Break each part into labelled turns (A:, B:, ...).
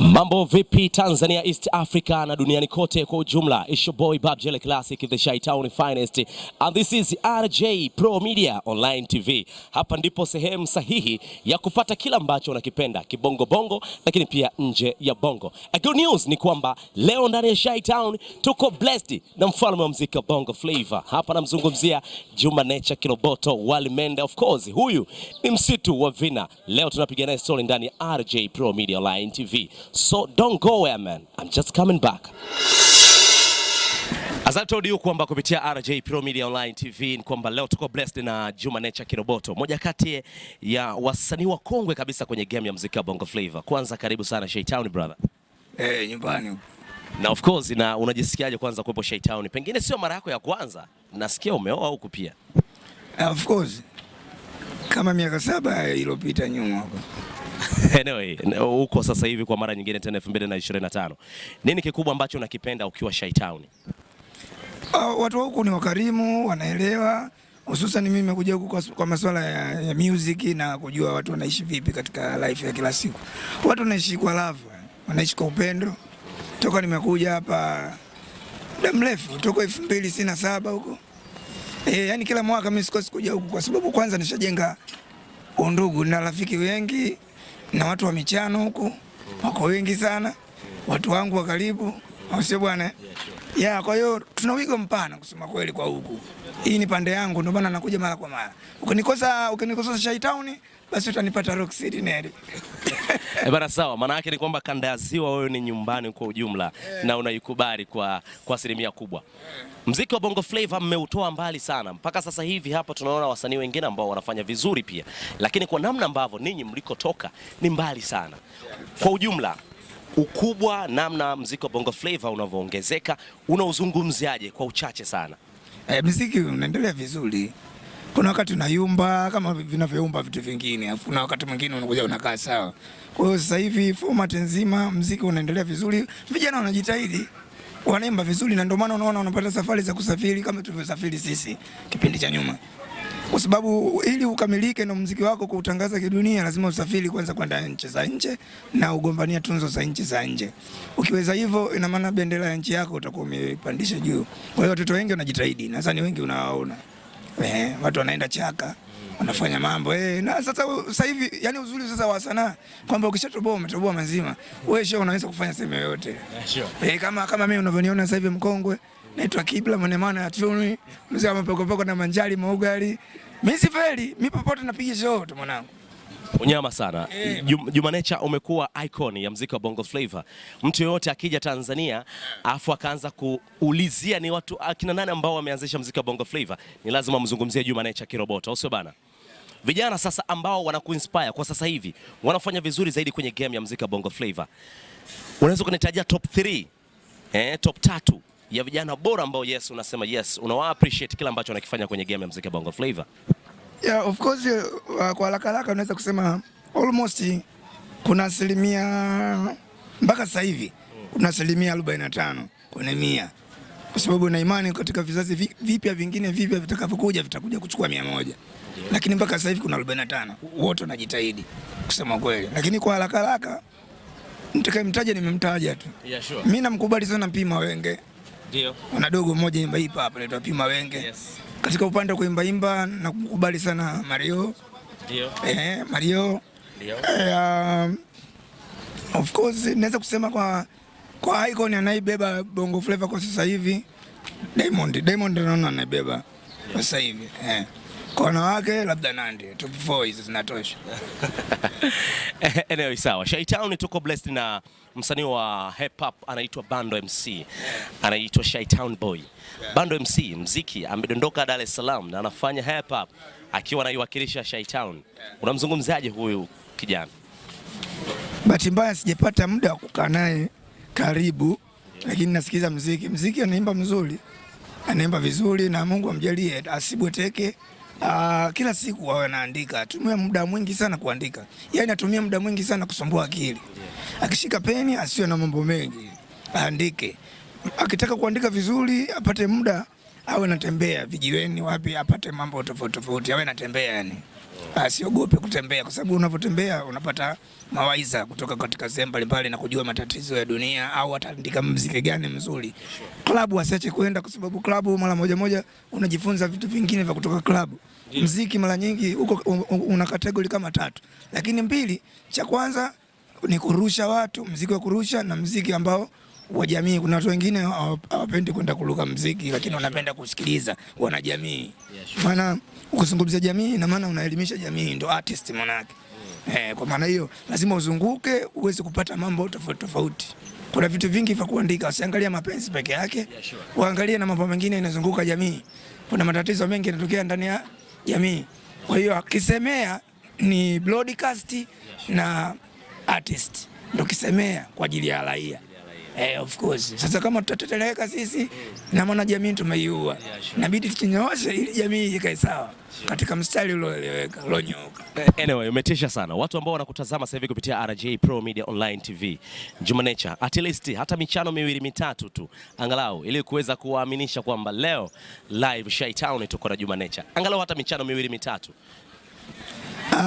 A: Mambo vipi Tanzania, East Africa na duniani kote kwa ujumla. It's your boy Bob Jelly Classic the Shy Town finest and this is RJ Pro Media Online TV. Hapa ndipo sehemu sahihi ya kupata kila ambacho unakipenda kibongo bongo, lakini pia nje ya bongo. A good news ni kwamba leo ndani ya Shy Town tuko blessed na mfalme wa muziki bongo flavor. Hapa namzungumzia Juma Nature Kiroboto Walimende. Of course huyu ni msitu wa vina. Leo tunapiga naye story ndani ya RJ Pro Media Online TV. So don't go away man. I'm just coming back. As I told you kwamba kupitia RJ Pro Media Online TV ni kwamba leo tuko blessed na Juma Nature Kiroboto, moja kati ya wasanii wakongwe kabisa kwenye game ya muziki wa Bongo Flava. Kwanza karibu sana Shaytown brother.
B: Eh, hey, nyumbani.
A: Na of course na unajisikiaje kwanza kuwepo Shaytown? Pengine sio mara yako ya kwanza. Nasikia umeoa huku pia.
B: Eh, of course. Kama miaka saba iliyopita nyuma hapo.
A: anyway, uko sasa hivi kwa mara nyingine tena 2025. Nini kikubwa ambacho unakipenda ukiwa Shytown?
B: Uh, ah, watu wa huku ni wakarimu, wanaelewa hususan mimi nimekuja huku kwa, kwa masuala ya, ya music na kujua watu wanaishi vipi katika life ya kila siku. Watu wanaishi kwa love, wanaishi kwa upendo. Toka nimekuja hapa muda mrefu, toka elfu mbili sitini saba huko e, yani kila mwaka mimi sikosi kuja huku kwa sababu kwanza nishajenga undugu na rafiki wengi na watu wa michano huku wako wengi sana, watu wangu wa karibu, au sio bwana? Yeah, kwa hiyo tuna wigo mpana kusema kweli kwa huku. Hii ni pande yangu, ndio maana nakuja mara kwa mara. Ukinikosa ukinikosa Shaitown basi utanipata Rock City Neri.
A: E bana, sawa. Maana yake ni kwamba kanda ya ziwa wewe ni nyumbani kwa ujumla yeah, na unaikubali kwa kwa asilimia kubwa yeah. Mziki wa Bongo Flava mmeutoa mbali sana mpaka sasa hivi hapa tunaona wasanii wengine ambao wanafanya vizuri pia, lakini kwa namna ambavyo ninyi mlikotoka ni mbali sana Kwa ujumla ukubwa, namna mziki wa Bongo Flava unavyoongezeka unauzungumziaje kwa uchache sana?
B: E, mziki unaendelea vizuri. Kuna wakati unayumba kama vinavyoumba vitu vingine, alafu kuna wakati mwingine unakuja unakaa sawa. Kwa hiyo sasa hivi format nzima mziki unaendelea vizuri, vijana wanajitahidi, wanaimba vizuri, na ndio maana unaona wanapata safari za kusafiri kama tulivyosafiri sisi kipindi cha nyuma kwa sababu ili ukamilike na muziki wako kuutangaza kidunia, lazima usafiri kwanza kwenda nchi za nje na ugombania tunzo za nchi za nje. Ukiweza hivyo, ina maana bendera ya nchi yako utakuwa umeipandisha juu. Kwa hiyo watoto wengi wanajitahidi, na sasa wengi unawaona eh, watu wanaenda chaka wanafanya mambo eh, na sasa sasa hivi yani uzuri sasa wa sanaa kwamba ukishatoboa umetoboa mazima, wewe sio unaweza kufanya sema yoyote eh, kama kama mimi unavyoniona sasa hivi mkongwe naitwa Kibla Mwanemana ya Chuni, mzee wa mapokopoko na manjali maugali. Mimi si feli, mimi popote napiga show tu mwanangu.
A: Unyama sana. Eh, Juma Nature umekuwa icon ya mziki wa Bongo Flava. Mtu yeyote akija Tanzania afu akaanza kuulizia ni watu akina nani ambao wameanzisha mziki wa Bongo Flava, ni lazima mzungumzie Juma Nature kiroboto, au sio bana? Vijana sasa ambao wanakuinspire kwa sasa hivi wanafanya vizuri zaidi kwenye game ya mziki wa Bongo Flava. Unaweza kunitajia top 3, eh, top tatu ya vijana bora ambao yes, unasema yes, unawa appreciate kila ambacho anakifanya kwenye game ya muziki Bongo Flava?
B: Yeah, of course uh, kwa haraka haraka unaweza kusema almost kuna asilimia mpaka sasa hivi kuna asilimia 45 kwenye mia kwa sababu na imani katika vizazi vipya vingine vipya vitakavyokuja vitakuja kuchukua mia moja, lakini mpaka sasa hivi kuna 45. Wote wanajitahidi kusema kweli, lakini kwa haraka haraka nitakayemtaja nimemtaja tu. Yeah, sure. Mimi namkubali sana Mpima Wenge ndio na dogo mmoja imbaimba hapa anaitwa Pima Wenge. Yes. Katika upande wa kuimbaimba na kukubali sana Mario. Ndio. Eh, Mario. Ndio. Eh, um, of course naweza kusema kwa kwa icon anaibeba Bongo Flava kwa sasa hivi Diamond. Diamond anaona anaibeba sasa hivi. Eh. Kwa wanawake labda nandi top 4 hizo zinatosha.
A: Anyway, sawa. Shy Town tuko blessed na msanii wa hip hop anaitwa Bando MC, anaitwa Shy Town Boy. Bando MC mziki amedondoka Dar es Salaam na anafanya hip hop akiwa anaiwakilisha Shy Shaitown. Unamzungumzaje huyu kijana?
B: Bahati mbaya sijapata muda wa kukaa naye karibu, lakini nasikiza mziki. Mziki anaimba mzuri, anaimba vizuri, na Mungu amjalie asibweteke Uh, kila siku wawe anaandika, atumia muda mwingi sana kuandika, yaani atumia muda mwingi sana kusumbua akili. Akishika peni asiwe na mambo mengi, aandike. Akitaka kuandika vizuri apate muda, awe natembea vijiweni, wapi apate mambo tofauti tofauti, awe natembea yani asiogope ah, kutembea, kwa sababu unavyotembea unapata mawaidha kutoka katika sehemu mbalimbali na kujua matatizo ya dunia, au ataandika mziki gani mzuri. Klabu asiache kwenda, kwa sababu klabu mara moja moja unajifunza vitu vingine vya kutoka klabu. Mziki mara nyingi huko una kategori kama tatu, lakini mbili, cha kwanza ni kurusha watu, mziki wa kurusha na mziki ambao wa jamii Kuna watu wengine hawapendi kwenda kuruka mziki, lakini wanapenda kusikiliza wanajamii. Maana ukizungumzia jamii, na maana unaelimisha jamii, ndo artist manake. Eh, kwa maana hiyo lazima uzunguke uweze kupata mambo tofauti tofauti. Kuna vitu vingi vya kuandika, usiangalia mapenzi peke yake, waangalie na mambo mengine yanazunguka jamii. Kuna matatizo mengi yanatokea ndani ya jamii, kwa hiyo akisemea ni broadcast na artist ndo kisemea kwa ajili ya raia. Eh, of course. Sasa kama tutateteleka sisi yes, na maana jamii tumeiua. Yeah, sure. Inabidi tukinyooshe ili jamii ikae sawa sure, katika mstari ule ulioeleweka ulionyooka.
A: Eh, anyway, umetisha sana watu ambao wanakutazama sasa hivi kupitia RJ Pro Media Online TV. Juma Nature, at least hata michano miwili mitatu tu angalau ili kuweza kuwaaminisha kwamba leo live Shy Town tuko na Juma Nature, angalau hata michano miwili mitatu
B: Uh,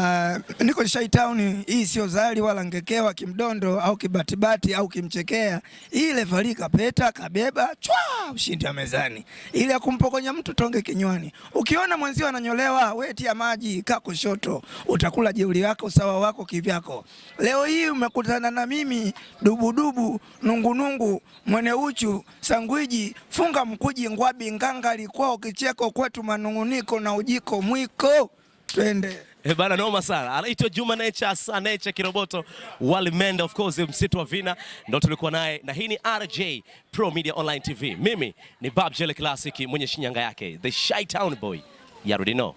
B: niko Shaitown hii sio zali wala Ngekewa kimdondo au kibatibati au kimchekea. Ile falika peta kabeba chwa ushindi wa mezani. Ile ya kumpokonya mtu tonge kinywani. Ukiona mwenzio ananyolewa, wewe tia maji kako kushoto, utakula jeuri yako sawa wako kivyako. Leo hii umekutana na mimi dubudubu, nungunungu, mwene uchu, sangwiji, funga mkuji, ngwabi, nganga, likwao, ukicheko kwetu, manunguniko na ujiko mwiko. Twende.
A: E bana, noma sana. Anaitwa Juma Nature, sa Nature, Kiroboto Walimenda, of course msitu wa vina ndo tulikuwa naye, na hii ni RJ Pro Media Online TV. Mimi ni Bab Jele Classic mwenye shinyanga yake, the Shy Town Boy Yarudino.